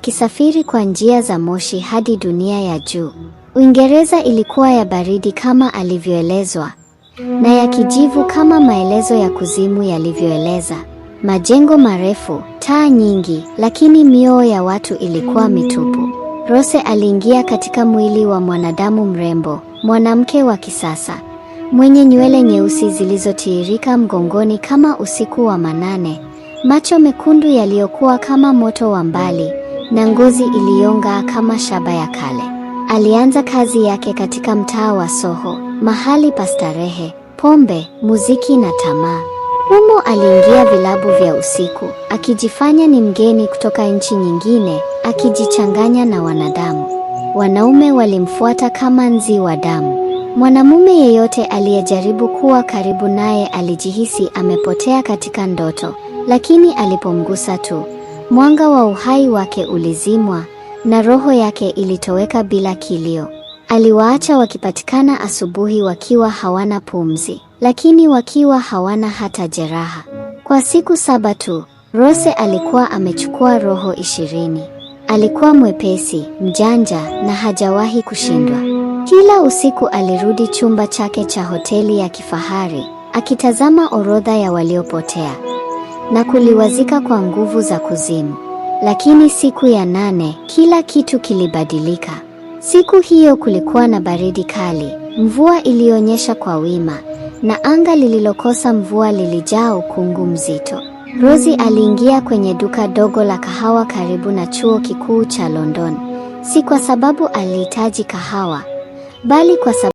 Kisafiri kwa njia za moshi hadi dunia ya juu. Uingereza ilikuwa ya baridi kama alivyoelezwa na ya kijivu kama maelezo ya kuzimu yalivyoeleza. Majengo marefu, taa nyingi, lakini mioyo ya watu ilikuwa mitupu. Rose aliingia katika mwili wa mwanadamu mrembo, mwanamke wa kisasa, mwenye nywele nyeusi zilizotiririka mgongoni kama usiku wa manane, macho mekundu yaliyokuwa kama moto wa mbali na ngozi iliyong'aa kama shaba ya kale. Alianza kazi yake katika mtaa wa Soho, mahali pa starehe, pombe, muziki na tamaa. Humo aliingia vilabu vya usiku, akijifanya ni mgeni kutoka nchi nyingine, akijichanganya na wanadamu. Wanaume walimfuata kama nzi wa damu. Mwanamume yeyote aliyejaribu kuwa karibu naye alijihisi amepotea katika ndoto, lakini alipomgusa tu Mwanga wa uhai wake ulizimwa na roho yake ilitoweka bila kilio. Aliwaacha wakipatikana asubuhi wakiwa hawana pumzi, lakini wakiwa hawana hata jeraha. Kwa siku saba tu, Rose alikuwa amechukua roho ishirini. Alikuwa mwepesi, mjanja na hajawahi kushindwa. Kila usiku alirudi chumba chake cha hoteli ya kifahari, akitazama orodha ya waliopotea na kuliwazika kwa nguvu za kuzimu. Lakini siku ya nane kila kitu kilibadilika. Siku hiyo kulikuwa na baridi kali, mvua ilionyesha kwa wima na anga lililokosa mvua lilijaa ukungu mzito. Rosie aliingia kwenye duka dogo la kahawa karibu na chuo kikuu cha London, si kwa sababu alihitaji kahawa, bali kwa sababu